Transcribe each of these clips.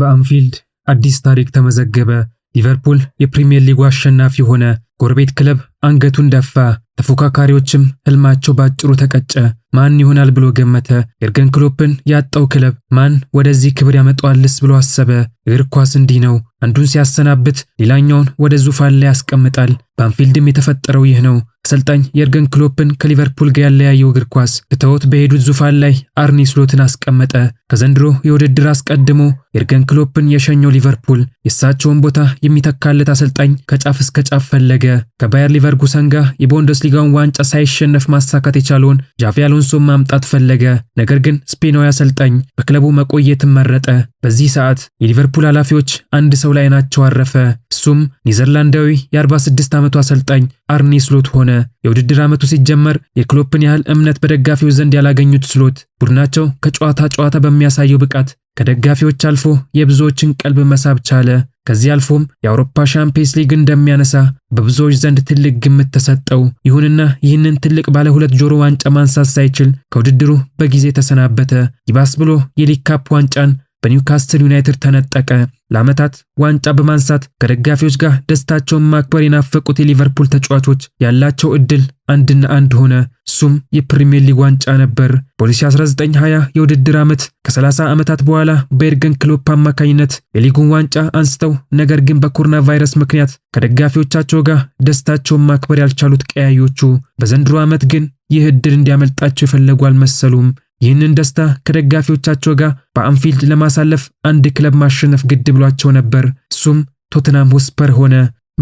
በአንፊልድ አዲስ ታሪክ ተመዘገበ። ሊቨርፑል የፕሪምየር ሊጉ አሸናፊ ሆነ። ጎረቤት ክለብ አንገቱን ደፋ። ተፎካካሪዎችም ህልማቸው ባጭሩ ተቀጨ። ማን ይሆናል ብሎ ገመተ። የርገን ክሎፕን ያጣው ክለብ ማን ወደዚህ ክብር ያመጣዋልስ ብሎ አሰበ። እግር ኳስ እንዲህ ነው፣ አንዱን ሲያሰናብት ሌላኛውን ወደ ዙፋን ላይ ያስቀምጣል። በአንፊልድም የተፈጠረው ይህ ነው። አሰልጣኝ የርገን ክሎፕን ከሊቨርፑል ጋር ያለያየው እግር ኳስ ትተውት በሄዱት ዙፋን ላይ አርኒ ስሎትን አስቀመጠ። ከዘንድሮ የውድድር አስቀድሞ የርገን ክሎፕን የሸኘው ሊቨርፑል የእሳቸውን ቦታ የሚተካለት አሰልጣኝ ከጫፍ እስከ ጫፍ ፈለገ። ከባየር ሊቨርኩሰን ጋር የቦንደስ ቡንደስሊጋውን ዋንጫ ሳይሸነፍ ማሳካት የቻለውን ጃቪ አሎንሶን ማምጣት ፈለገ። ነገር ግን ስፔናዊ አሰልጣኝ በክለቡ መቆየትን መረጠ። በዚህ ሰዓት የሊቨርፑል ኃላፊዎች አንድ ሰው ላይ አይናቸው አረፈ። እሱም ኒዘርላንዳዊ የ46 ዓመቱ አሰልጣኝ አርኔ ስሎት ሆነ። የውድድር ዓመቱ ሲጀመር የክሎፕን ያህል እምነት በደጋፊው ዘንድ ያላገኙት ስሎት ቡድናቸው ከጨዋታ ጨዋታ በሚያሳየው ብቃት ከደጋፊዎች አልፎ የብዙዎችን ቀልብ መሳብ ቻለ። ከዚህ አልፎም የአውሮፓ ሻምፒየንስ ሊግ እንደሚያነሳ በብዙዎች ዘንድ ትልቅ ግምት ተሰጠው። ይሁንና ይህንን ትልቅ ባለ ሁለት ጆሮ ዋንጫ ማንሳት ሳይችል ከውድድሩ በጊዜ ተሰናበተ። ይባስ ብሎ የሊግ ካፕ ዋንጫን በኒውካስትል ዩናይትድ ተነጠቀ። ለዓመታት ዋንጫ በማንሳት ከደጋፊዎች ጋር ደስታቸውን ማክበር የናፈቁት የሊቨርፑል ተጫዋቾች ያላቸው እድል አንድና አንድ ሆነ። እሱም የፕሪምየር ሊግ ዋንጫ ነበር። በ2019/20 የውድድር ዓመት ከ30 ዓመታት በኋላ በኤርገን ክሎፕ አማካኝነት የሊጉን ዋንጫ አንስተው ነገር ግን በኮሮና ቫይረስ ምክንያት ከደጋፊዎቻቸው ጋር ደስታቸውን ማክበር ያልቻሉት ቀያዮቹ በዘንድሮ ዓመት ግን ይህ እድል እንዲያመልጣቸው የፈለጉ አልመሰሉም። ይህንን ደስታ ከደጋፊዎቻቸው ጋር በአንፊልድ ለማሳለፍ አንድ ክለብ ማሸነፍ ግድ ብሏቸው ነበር። እሱም ቶትናም ሆስፐር ሆነ።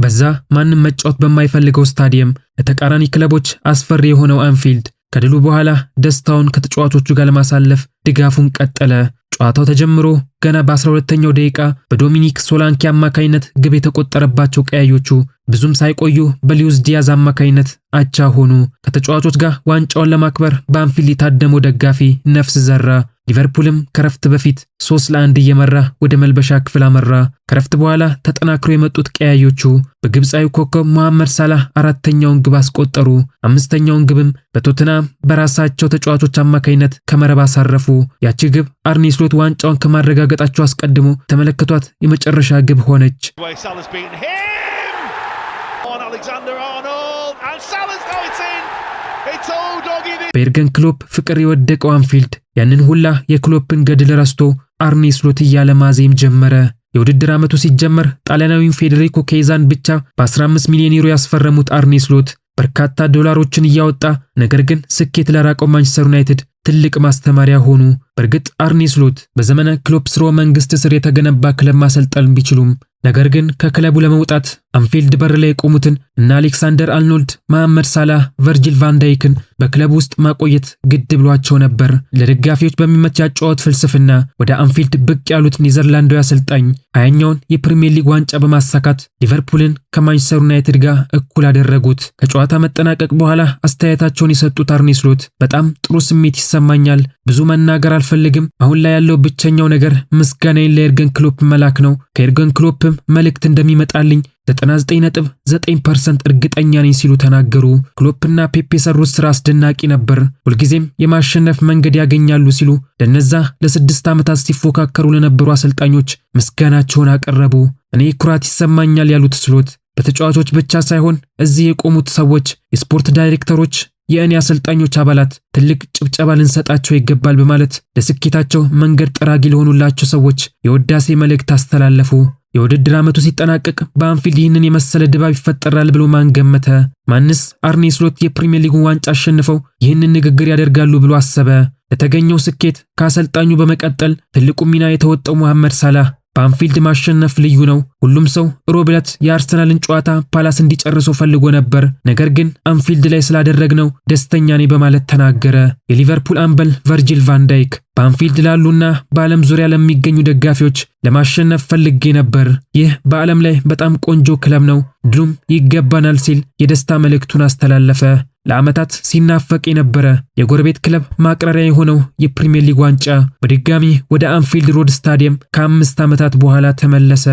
በዛ ማንም መጫወት በማይፈልገው ስታዲየም ለተቃራኒ ክለቦች አስፈሪ የሆነው አንፊልድ ከድሉ በኋላ ደስታውን ከተጫዋቾቹ ጋር ለማሳለፍ ድጋፉን ቀጠለ። ጨዋታው ተጀምሮ ገና በ12ኛው ደቂቃ በዶሚኒክ ሶላንኪ አማካይነት ግብ የተቆጠረባቸው ቀያዮቹ ብዙም ሳይቆዩ በሊዩስ ዲያዝ አማካይነት አቻ ሆኑ። ከተጫዋቾች ጋር ዋንጫውን ለማክበር በአንፊል የታደመው ደጋፊ ነፍስ ዘራ። ሊቨርፑልም ከረፍት በፊት ሶስት ለአንድ እየመራ ወደ መልበሻ ክፍል አመራ። ከረፍት በኋላ ተጠናክሮ የመጡት ቀያዮቹ በግብፃዊ ኮከብ መሐመድ ሳላህ አራተኛውን ግብ አስቆጠሩ። አምስተኛውን ግብም በቶትናም በራሳቸው ተጫዋቾች አማካኝነት ከመረብ አሳረፉ። ያቺ ግብ አርኒስሎት ስሎት ዋንጫውን ከማረጋገጣቸው አስቀድሞ ተመለከቷት የመጨረሻ ግብ ሆነች። በኤርገን ክሎፕ ፍቅር የወደቀው አንፊልድ ያንን ሁላ የክሎፕን ገድል ረስቶ አርኔ ስሎት እያለ ማዜም ጀመረ። የውድድር ዓመቱ ሲጀመር ጣሊያናዊን ፌዴሪኮ ኬዛን ብቻ በ15 ሚሊዮን ዩሮ ያስፈረሙት አርኔ ስሎት በርካታ ዶላሮችን እያወጣ ነገር ግን ስኬት ለራቀው ማንቸስተር ዩናይትድ ትልቅ ማስተማሪያ ሆኑ። በእርግጥ አርኔ ስሎት በዘመነ ክሎፕ ስርወ መንግስት ስር የተገነባ ክለብ ማሰልጠን ቢችሉም ነገር ግን ከክለቡ ለመውጣት አንፊልድ በር ላይ የቆሙትን እና አሌክሳንደር አልኖልድ መሐመድ ሳላህ፣ ቨርጂል ቫንዳይክን በክለብ ውስጥ ማቆየት ግድ ብሏቸው ነበር። ለደጋፊዎች በሚመች ያጨዋወት ፍልስፍና ወደ አንፊልድ ብቅ ያሉት ኒዘርላንዳዊ አሰልጣኝ ሀያኛውን የፕሪምየር ሊግ ዋንጫ በማሳካት ሊቨርፑልን ከማንቸስተር ዩናይትድ ጋር እኩል አደረጉት። ከጨዋታ መጠናቀቅ በኋላ አስተያየታቸውን የሰጡት አርኔ ስሎት በጣም ጥሩ ስሜት ይሰማኛል። ብዙ መናገር አልፈልግም። አሁን ላይ ያለው ብቸኛው ነገር ምስጋናዬን ለኤርገን ክሎፕ መላክ ነው። ከኤርገን ክሎፕም መልእክት እንደሚመጣልኝ 99.9% እርግጠኛ ነኝ ሲሉ ተናገሩ። ክሎፕና ፔፕ የሰሩት ስራ አስደናቂ ነበር፣ ሁልጊዜም የማሸነፍ መንገድ ያገኛሉ ሲሉ ለነዛ ለስድስት ዓመታት ሲፎካከሩ ለነበሩ አሰልጣኞች ምስጋናቸውን አቀረቡ። እኔ ኩራት ይሰማኛል ያሉት ስሎት በተጫዋቾች ብቻ ሳይሆን እዚህ የቆሙት ሰዎች፣ የስፖርት ዳይሬክተሮች፣ የእኔ አሰልጣኞች አባላት ትልቅ ጭብጨባ ልንሰጣቸው ይገባል በማለት ለስኬታቸው መንገድ ጠራጊ ለሆኑላቸው ሰዎች የወዳሴ መልእክት አስተላለፉ። የውድድር ዓመቱ ሲጠናቀቅ በአንፊልድ ይህንን የመሰለ ድባብ ይፈጠራል ብሎ ማን ገመተ? ማንስ አርኔ ስሎት የፕሪምየር ሊጉን ዋንጫ አሸንፈው ይህንን ንግግር ያደርጋሉ ብሎ አሰበ? ለተገኘው ስኬት ከአሰልጣኙ በመቀጠል ትልቁ ሚና የተወጣው መሐመድ ሳላህ በአንፊልድ ማሸነፍ ልዩ ነው። ሁሉም ሰው ሮብለት የአርሰናልን ጨዋታ ፓላስ እንዲጨርሶ ፈልጎ ነበር፣ ነገር ግን አንፊልድ ላይ ስላደረግነው ደስተኛ ነኝ በማለት ተናገረ። የሊቨርፑል አምበል ቨርጂል ቫንዳይክ በአንፊልድ ላሉና በዓለም ዙሪያ ለሚገኙ ደጋፊዎች ለማሸነፍ ፈልጌ ነበር። ይህ በዓለም ላይ በጣም ቆንጆ ክለብ ነው፣ ድሉም ይገባናል ሲል የደስታ መልእክቱን አስተላለፈ። ለዓመታት ሲናፈቅ የነበረ የጎረቤት ክለብ ማቅረሪያ የሆነው የፕሪምየር ሊግ ዋንጫ በድጋሚ ወደ አንፊልድ ሮድ ስታዲየም ከአምስት ዓመታት በኋላ ተመለሰ።